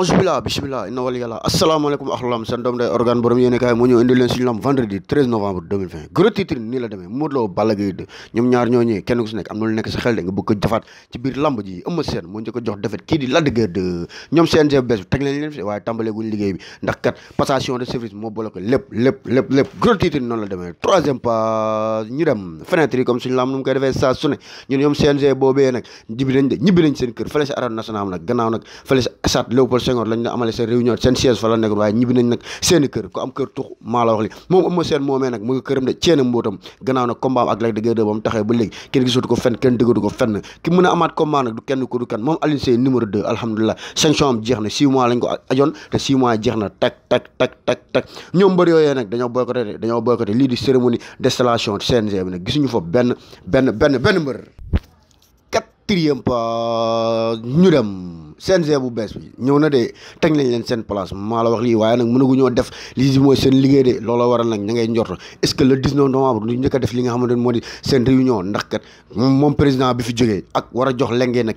ansebillah bisimilah inna wali yàlla asalaamaaleykum axlulam seen doom day organe borom yéene kaay moo ñëw indi la demee Modou Lo Balla Gaye 2 ñoom ñaar si nekk am na di Lac moo boole ko lépp lépp lépp lépp titre noonu la demee troisième pas ñu dem fenêtre yi comme suñu lamb nu mu defee saa su ne ñun ñoom CNG boobee nag ñibbi de ñibbi seen kër fële si arène nationale nag gannaaw nag fële si stade Léopold Senghor lañ seen seen a amaat na 6 mois lañ ko ajoon te 6 mois jeex na tak gisuñu fa benn benn benn benn mbër quatrième pas ñu dem CNG bu bees ñëw na de teg nañ leen seen place maa la wax lii waaye nag mënaguñoo def lii di mooy seen liggéey de looloo waral nag ña ngay njort est que le 19 novembre duñ njëkk a def li nga xamante ne moo di seen réunion ndax kat moom président bi fi jógee ak war a jox lenge nag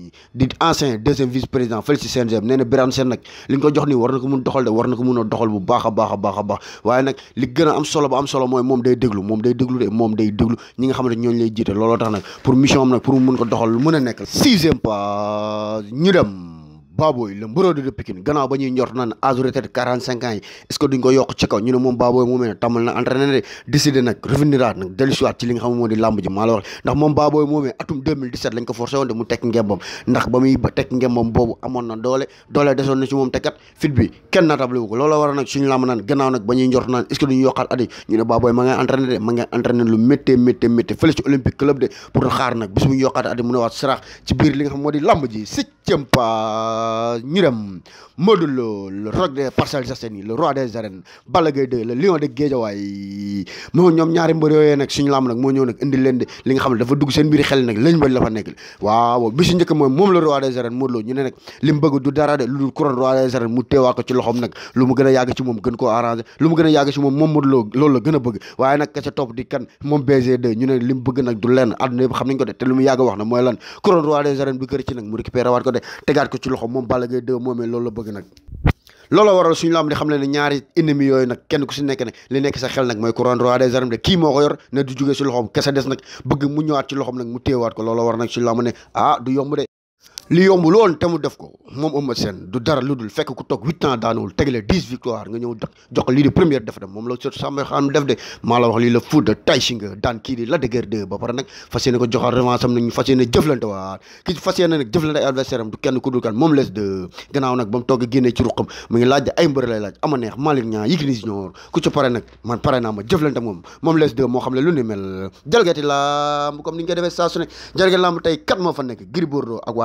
di ancien deuxième vice président fële ci CNG nee na Birame Sène nag li ñu jox nii war na ko mun doxal de war na ko mun a doxal bu baax a baax a baax a baax waaye nag li gën a am solo ba am solo mooy moom day déglu moom day déglu moom day déglu ñi nga xam ne ñooñu lay jiite looloo tax nag pour mission am nag pour mu mun ko doxal lu mën a nekk sixième pas ñu dem Baboy le mbërëdu de Pikine gannaaw ba ñuy njort naan quarante cinq ans yi est yokk ci kaw moom Baboy mu mel ne na entraîné de mu nag suñu nag ba ñuy njort naan est ce que duñu yokkaat at lu méttee méttee méttee fële Club de pour xaar nag bis yokkaat at yi waat sarax ci biir li nga xam di làmb ji septième ñu dem Modou Lo le roc des Parcelles Assainies le roi des arènes Balla Gaye 2 le lion de Guédiawaye moo ñoom ñaari mbër nag suñu nag moo ñëw nag indi leen de li nga xam ne seen biir xel nag lañ bañ fa nekk waaw bi njëkk moom le roi de lu mu teewaa ko ci loxoom nag lu mu gën a yàgg ci gën koo arrangé lu mu gën a yàgg ci moom moom Modou Lo loolu la gën a bëgg waaye nag ka ca topp di kan moom BG2 ñu ne li bëgg nag du lenn na mooy moom Balla Gaye 2 moomee loolu la bëgg nag looloo waral suñu lamb di xam ne ñaari ennemi yooyu nag kenn ku si nekk ne li nekk sa xel nag mooy couronne roi des arènes de kii moo ko yor ne du jugee si loxoom kese des nag bëgg mu ñëwaat ci loxoom nag mu téewaat ko looloo war nag suñu lamb ne ah du yomb de li yombul woon te def ko moom Eumeu Sène du dara lu dul fekk ku toog huit ans daanuwul tegale dix victoire nga ñëw jox lii di première def de moom la sot sàmm xam def de maa la wax lii la foot de tay si daan kii la dëgër de ba pare nag fas yéene ko joxaat revanche am ki fas yéene nag jëflante ay adversaire am du kenn ku dul kan moom les de gannaaw nag ba mu toog génnee ci ruqam mu ngi laaj ay mbër laaj ama neex Malick Niang Yékini Junior ku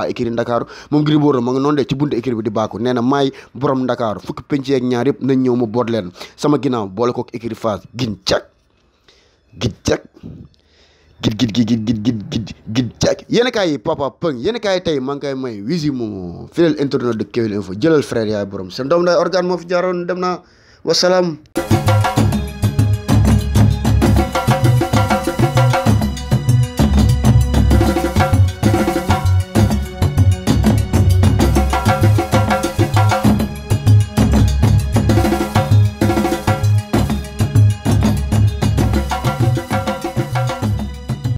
ci Ndakaaru moom Gris Bordeaux ma nga noonu de ci buntu écurie bi di bàkku nee na maay borom Ndakaaru fukki penc yeeg ñaar yëpp nañ ñëw mu boot leen sama ginnaaw boole ko écurie Fass gin cag gid cag gid gid gid gid gid gid papa pëng yéen kaay tey maa ngi may wisi moomo fidèle internaute de Kewel Info jëlal frère yaay borom seen doom day organe moo fi jaaroon dem naa wasalaam